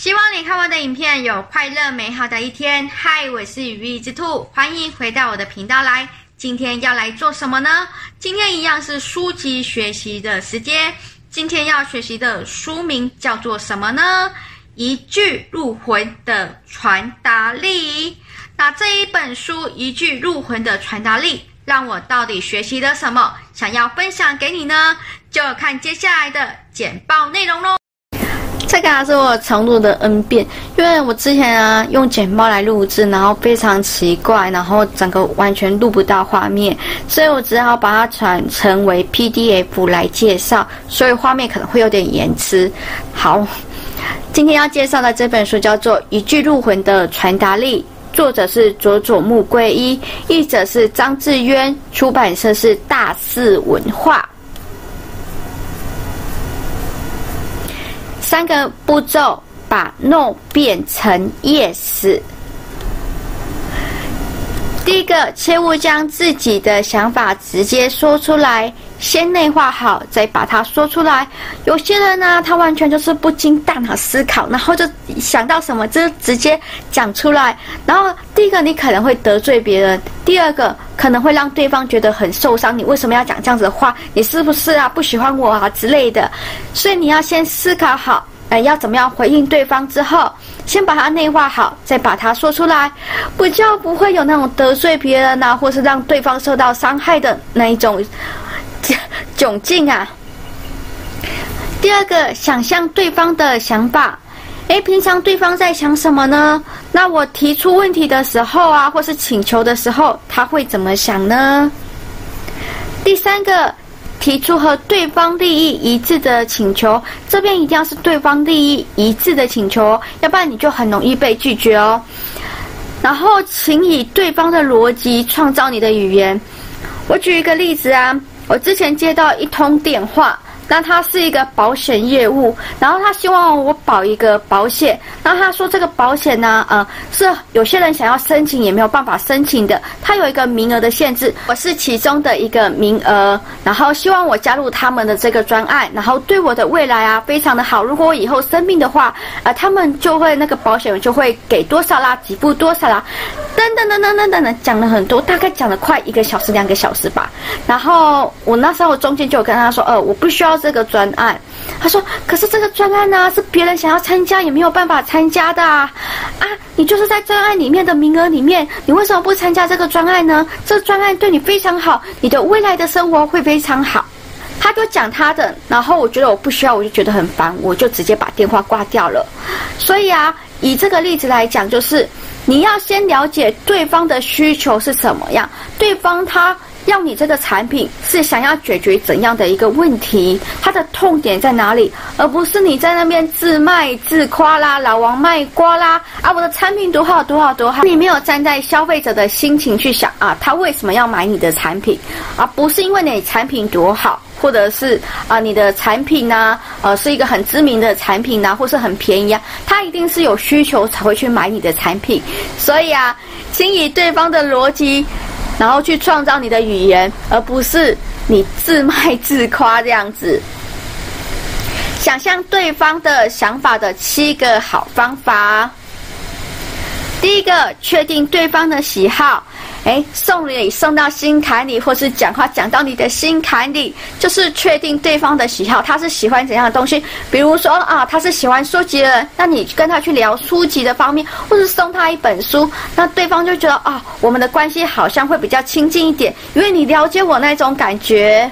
希望你看完的影片有快樂美好的一天。嗨，我是羽翼之兔，歡迎回到我的頻道來。今天要來做什麼呢？今天一樣是書籍學習的時間。今天要學習的書名叫做什麼呢？一句入魂的傳達力。那這一本書一句入魂的傳達力，讓我到底學習了什麼？想要分享給你呢？就看接下來的簡報內容嘍。這個、啊、是我重錄的 n 遍，因為我之前啊用簡報來錄制，然後非常奇怪，然後整個完全錄不到畫面，所以我只好把它轉成為 PDF 來介紹，所以畫面可能會有點延遲。好，今天要介紹的這本書叫做《一句入魂的傳達力》，作者是佐佐木圭一，譯者是張智淵，出版社是大是文化。三個步驟把 “no” 變成 “yes”。第一個，切勿將自己的想法直接說出來。先內化好，再把它說出來。有些人呢、啊，他完全就是不經大腦思考，然後就想到什麼就直接講出來。然後第一個，你可能會得罪別人；第二個，可能會讓對方覺得很受傷。你為什麼要講這樣子的話？你是不是啊？不喜歡我啊之類的？所以你要先思考好，哎、呃，要怎麼樣回應對方之後，先把它內化好，再把它說出來，不就不會有那種得罪別人啊，或是讓對方受到傷害的那一種。 窘境啊！第二個，想象對方的想法，哎，平常對方在想什麼呢？那我提出問題的時候啊，或是請求的時候，他會怎麼想呢？第三個，提出和對方利益一致的請求，這邊一定要是對方利益一致的請求，要不然你就很容易被拒絕哦。然後，請以對方的邏輯創造你的語言。我舉一個例子啊。我之前接到一通電話，那他是一個保險業務，然後他希望我保一個保險，然後他說這個保險呢、啊，呃，是有些人想要申請也沒有辦法申請的，他有一個名額的限制，我是其中的一個名額，然後希望我加入他們的這個專案，然後對我的未來啊非常的好，如果我以後生病的話，呃，他們就會那個保險就會給多少啦，給付多少啦。等等等等等等等，講了很多，大概講了快一個小時、兩個小時吧。然後我那時候，我中間就有跟他說：“呃，我不需要這個專案。”他說：“可是這個專案呢，啊，是別人想要參加也沒有辦法參加的啊，啊！你就是在專案裡面的名額裡面，你為什麼不參加這個專案呢？這專案對你非常好，你的未來的生活會非常好。”他就講他的，然後我覺得我不需要，我就覺得很煩，我就直接把電話掛掉了。所以啊，以這個例子來講，就是。你要先了解對方的需求是什麼樣，對方他要你這個產品是想要解決怎樣的一個問題，他的痛點在哪裡，而不是你在那邊自賣自誇啦，老王賣瓜啦，啊，我的產品多好多好多好，你沒有站在消費者的心情去想啊，他為什麼要買你的產品，而，啊，不是因為你產品多好。或者是啊、呃，你的產品呢、啊，呃，是一個很知名的產品呢、啊，或是很便宜啊？他一定是有需求才會去買你的產品。所以啊，請以對方的邏輯，然後去創造你的語言，而不是你自賣自誇這樣子。想象對方的想法的七個好方法。第一個，確定對方的喜好。哎，送禮送到心坎裡，或是講話講到你的心坎裡，就是確定對方的喜好，他是喜歡怎樣的東西。比如說啊、哦，他是喜歡書籍的人，那你跟他去聊書籍的方面，或是送他一本書，那對方就覺得啊、哦，我們的關係好像會比較親近一點，因為你了解我那種感覺。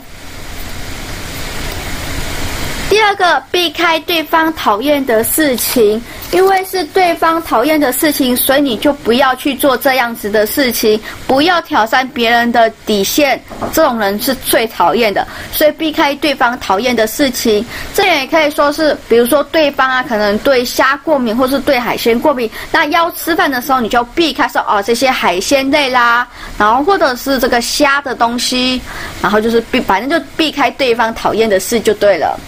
第二個，避開對方討厭的事情。因為是對方討厭的事情，所以你就不要去做這樣子的事情，不要挑戰別人的底線。這種人是最討厭的，所以避開對方討厭的事情。這也可以說是，比如說對方啊，可能對蝦過敏，或是對海鮮過敏。那要吃飯的時候，你就避開說哦，這些海鮮類啦，然後或者是這個蝦的東西，然後就是避，反正就避開對方討厭的事就對了。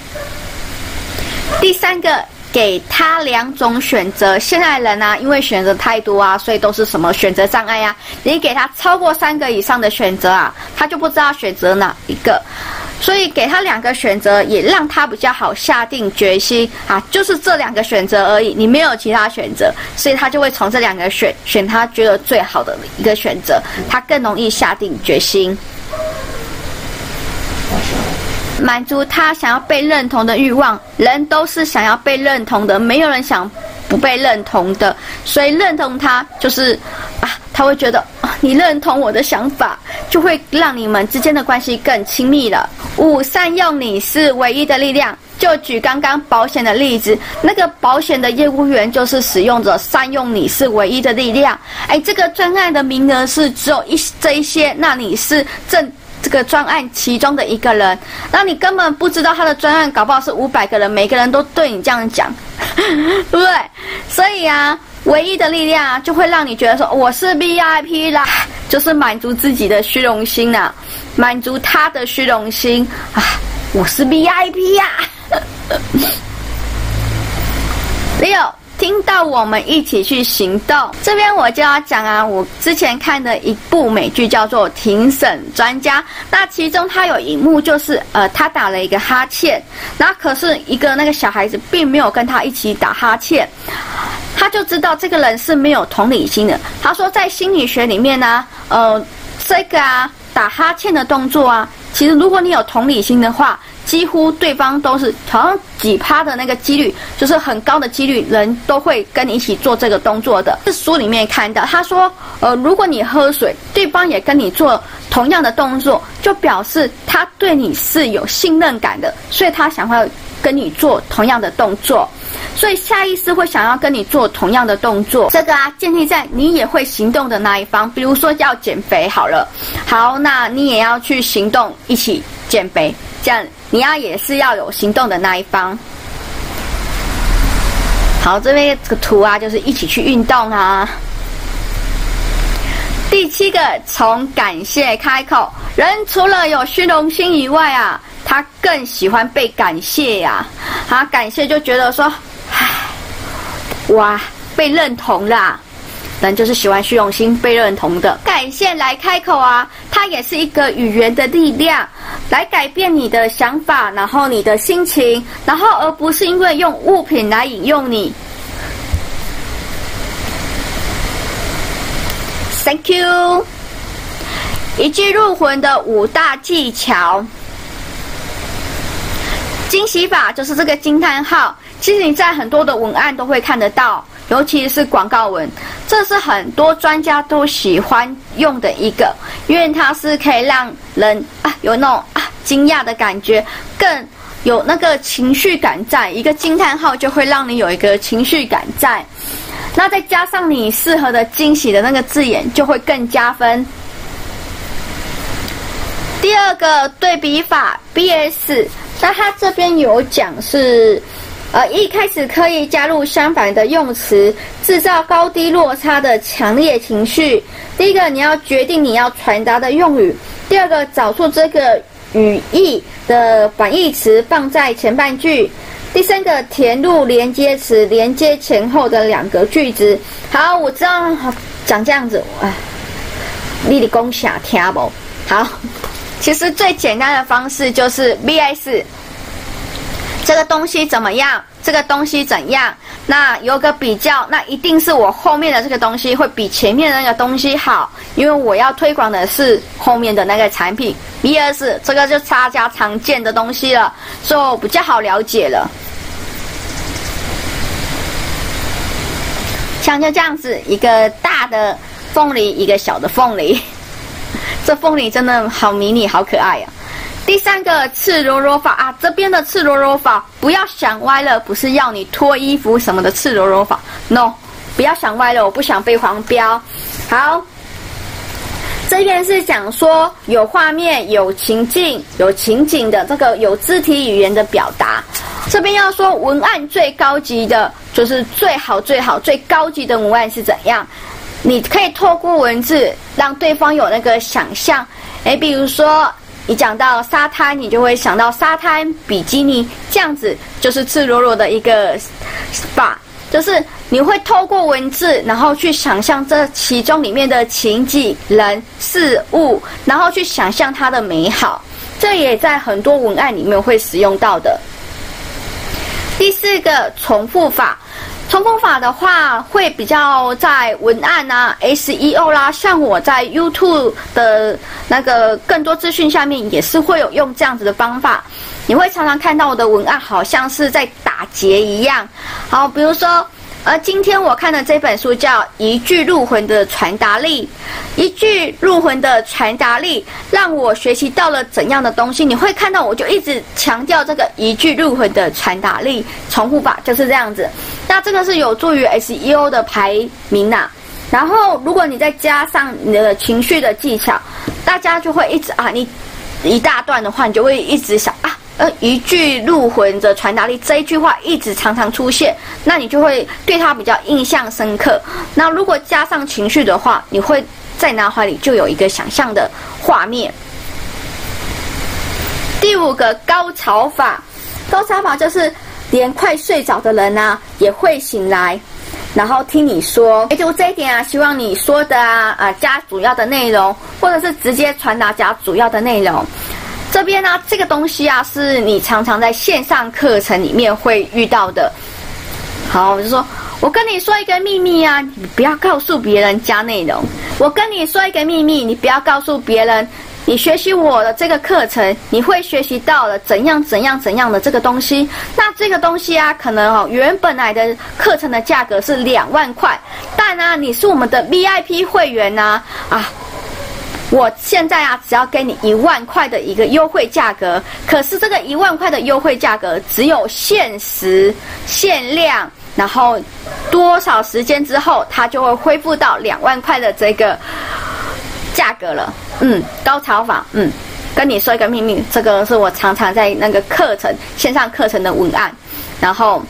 第三個。給他兩種選擇，現在人啊，因為選擇太多啊，所以都是什麼選擇障礙呀、啊？你給他超過三個以上的選擇啊，他就不知道選擇哪一個。所以給他兩個選擇，也讓他比較好下定決心啊，就是這兩個選擇而已，你沒有其他選擇，所以他就會從這兩個選選他覺得最好的一個選擇，他更容易下定決心。滿足他想要被認同的欲望，人都是想要被認同的，沒有人想不被認同的。所以認同他就是，啊，他會覺得你認同我的想法，就會讓你們之間的關係更親密了。五善用你是唯一的力量。就舉剛剛保險的例子，那個保險的業務員就是使用者善用你是唯一的力量。哎，這個專案的名額是只有一這一些，那你是正。這個專案其中的一個人，那你根本不知道他的專案，搞不好是五百個人，每個人都對你這樣講，對不對？所以啊，唯一的力量啊，就會讓你覺得說我是 VIP 啦，就是滿足自己的虛榮心吶、啊，滿足他的虛榮心啊，我是 VIP 呀、啊，六。 聽到我們一起去行動，這邊我就要講啊，我之前看的一部美劇叫做《庭審專家》，那其中他有一幕就是，呃，他打了一個哈欠，那可是一個那個小孩子並沒有跟他一起打哈欠，他就知道這個人是沒有同理心的。他說在心理學裡面呢、啊，呃，這個啊，打哈欠的動作啊，其實如果你有同理心的話。幾乎對方都是好像幾趴的那個幾率，就是很高的幾率，人都會跟你一起做這個動作的。這書裡面看到，他說：“呃，如果你喝水，對方也跟你做同樣的動作，就表示他對你是有信任感的，所以他想要跟你做同樣的動作，所以下意識會想要跟你做同樣的動作。這個啊，建立在你也會行動的那一方。比如說要減肥好了，好，那你也要去行動，一起減肥，這樣。”你要、啊、也是要有行動的那一方。好，這邊這個圖啊，就是一起去運動啊。第七個，從感謝開口。人除了有虛榮心以外啊，他更喜歡被感謝呀、啊。他感謝就覺得說，唉，哇，被認同啦、啊。人就是喜歡虛榮心，被認同的。感謝來開口啊，它也是一個語言的力量。來改變你的想法，然後你的心情，然後而不是因為用物品來引誘你。Thank you，一句入魂的五大技巧。驚喜法就是這個驚嘆號，其實你在很多的文案都會看得到，尤其是廣告文，這是很多專家都喜歡用的一個，因為它是可以讓人啊有那種。You know, 驚訝的感覺更有那個情緒感在，在一個驚嘆號就會讓你有一個情緒感在。那再加上你適合的驚喜的那個字眼，就會更加分。第二個對比法 BS，那它這邊有講是，呃，一開始可以加入相反的用詞，制造高低落差的強烈情緒。第一個你要決定你要傳達的用語，第二個找出這個。語義的反義詞放在前半句，第三個填入連接詞連接前後的兩個句子。好，我知道，長這樣子，唉，你哋共享聽不？好，其實最簡單的方式就是 BS。這個東西怎麼樣？這個東西怎樣？那有個比較，那一定是我後面的這個東西會比前面的那個東西好，因為我要推廣的是後面的那個產品。VS、yes, 這個就大家常見的東西了，就比較好了解了。像就這樣子，一個大的鳳梨，一個小的鳳梨。這鳳梨真的好迷你，好可愛呀、啊！第三個赤裸裸法啊，這邊的赤裸裸法不要想歪了，不是要你脫衣服什麼的赤裸裸法，no，不要想歪了，我不想被黃標。好，這邊是講說有畫面、有情境、有情景的這個有肢體語言的表達。這邊要說文案最高級的，就是最好、最好、最高級的文案是怎樣？你可以透過文字讓對方有那個想象，誒，比如說。你講到沙灘，你就會想到沙灘比基尼，這樣子就是赤裸裸的一個 SPA，就是你會透過文字，然後去想象這其中裡面的情景、人、事物，然後去想象它的美好。這也在很多文案裡面會使用到的。第四個重複法。衝鋒法的話，會比較在文案啊、SEO 啦、啊，像我在 YouTube 的那個更多資訊下面，也是會有用這樣子的方法。你會常常看到我的文案，好像是在打結一樣。好，比如說。而今天我看的這本書叫《一句入魂的傳達力》，一句入魂的傳達力讓我學習到了怎樣的東西？你會看到，我就一直強調這個“一句入魂的傳達力”，重複吧，就是這樣子。那這個是有助於 SEO 的排名吶、啊。然後，如果你再加上你的情緒的技巧，大家就會一直啊，你一大段的話，你就會一直想啊。呃，而一句入魂的傳達力，這一句話一直常常出現，那你就會對他比較印象深刻。那如果加上情緒的話，你會在腦海裡就有一個想象的畫面。第五個高潮法，高潮法就是連快睡着的人呢、啊、也會醒來，然後聽你說。哎，就這一點啊，希望你說的啊啊加主要的內容，或者是直接傳達加主要的內容。這邊呢、啊，這個東西啊，是你常常在線上課程裡面會遇到的。好，我就說我跟你說一個祕密啊，你不要告訴別人加內容。我跟你說一個祕密，你不要告訴別人。你學習我的這個課程，你會學習到了怎樣怎樣怎樣的這個東西。那這個東西啊，可能哦、喔，原本來的課程的價格是兩萬塊，但啊，你是我們的 VIP 會員呢啊。啊我現在啊，只要給你一萬塊的一個優惠價格，可是這個一萬塊的優惠價格只有限時限量，然後多少時間之後它就會恢復到兩萬塊的這個價格了。嗯，高超法，嗯，跟你說一個秘密，這個是我常常在那個課程線上課程的文案，然後。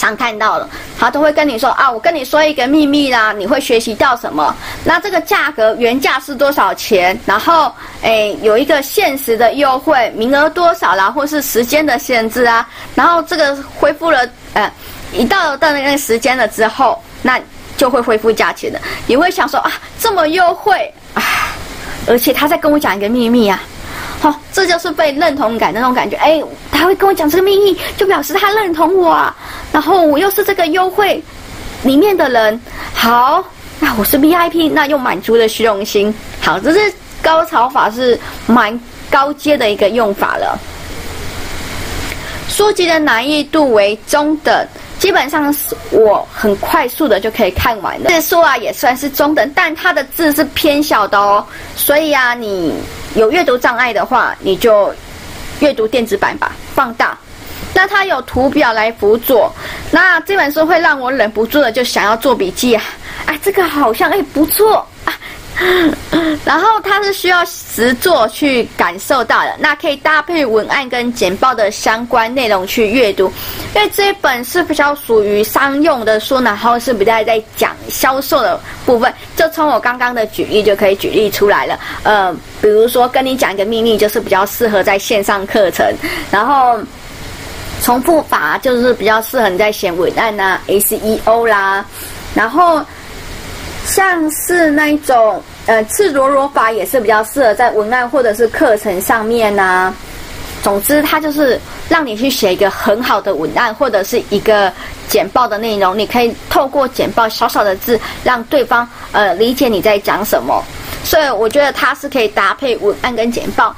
常看到了，他都會跟你說啊，我跟你說一個秘密啦，你會學習到什麼？那這個價格原價是多少錢？然後誒，有一個限時的優惠，名額多少啦，或是時間的限制啊，然後這個恢復了，呃，一到到那個時間了之後，那就會恢復價錢的。你會想說啊，這麼優惠啊，而且他在跟我講一個秘密啊。好、哦，這就是被認同感的那種感覺。哎，他會跟我講這個秘密，就表示他認同我。啊。然後我又是這個優惠裡面的人。好，那我是 VIP，那又滿足了虛榮心。好，這是高潮法，是蠻高階的一個用法了。書籍的難易度為中等，基本上是我很快速的就可以看完了。字數啊也算是中等，但它的字是偏小的哦，所以啊你。有閱讀障礙的話，你就閱讀電子版吧，放大。那它有圖表來輔佐。那這本書會讓我忍不住的就想要做筆記啊！哎、啊，這個好像，哎，不錯。然後它是需要實作去感受到的，那可以搭配文案跟簡報的相關內容去閱讀，因為這一本是比較屬於商用的書，然後是比較在講銷售的部分，就從我剛剛的舉例就可以舉例出來了。呃，比如說跟你講一個秘密，就是比較適合在線上課程，然後重複法就是比較適合你在寫文案吶、啊、SEO 啦，然後像是那一種。呃，赤裸裸法也是比較適合在文案或者是課程上面吶啊。總之，它就是讓你去寫一個很好的文案或者是一個簡報的內容。你可以透過簡報小小的字，讓對方呃理解你在講什麼。所以我覺得它是可以搭配文案跟簡報。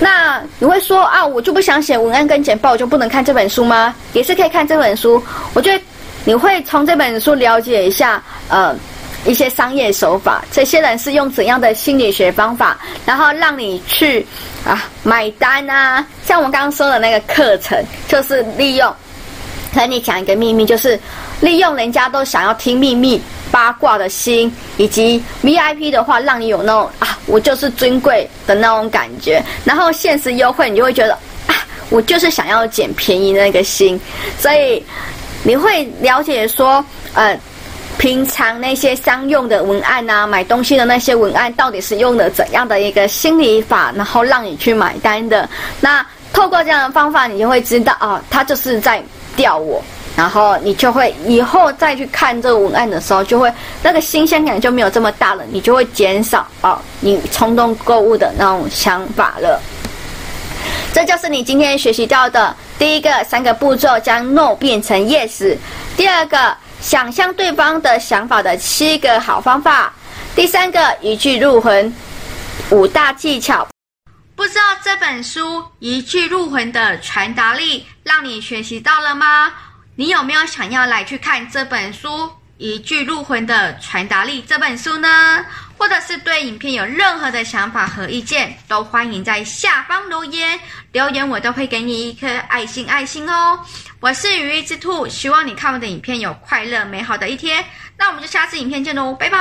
那你會說啊，我就不想寫文案跟簡報，我就不能看這本書嗎？也是可以看這本書。我覺得你會從這本書了解一下呃。一些商業手法，這些人是用怎樣的心理學方法，然後讓你去啊買單啊。像我剛剛說的那個課程，就是利用和你講一個秘密，就是利用人家都想要聽秘密八卦的心，以及 VIP 的話，讓你有那種啊，我就是尊貴的那種感覺。然後限時優惠，你就會覺得啊，我就是想要撿便宜那個心，所以你會了解說，嗯。平常那些商用的文案吶、啊，買東西的那些文案，到底是用了怎樣的一個心理法，然後讓你去買單的？那透過這樣的方法，你就會知道啊、哦，他就是在釣我，然後你就會以後再去看這個文案的時候，就會那個新鮮感就沒有這麼大了，你就會減少啊、哦，你衝動購物的那種想法了。這就是你今天學習到的第一個三個步驟，將 No 變成 Yes，第二個。想象對方的想法的七個好方法，第三個，一句入魂，五大技巧。不知道這本書，一句入魂的傳達力，讓你學習到了嗎？你有沒有想要來去看這本書，一句入魂的傳達力這本書呢？或者是對影片有任何的想法和意見，都歡迎在下方留言，留言我都會給你一顆愛心，愛心哦。我是羽翼之兔，希望你看我的影片有快樂美好的一天。那我們就下次影片見嘍，拜拜。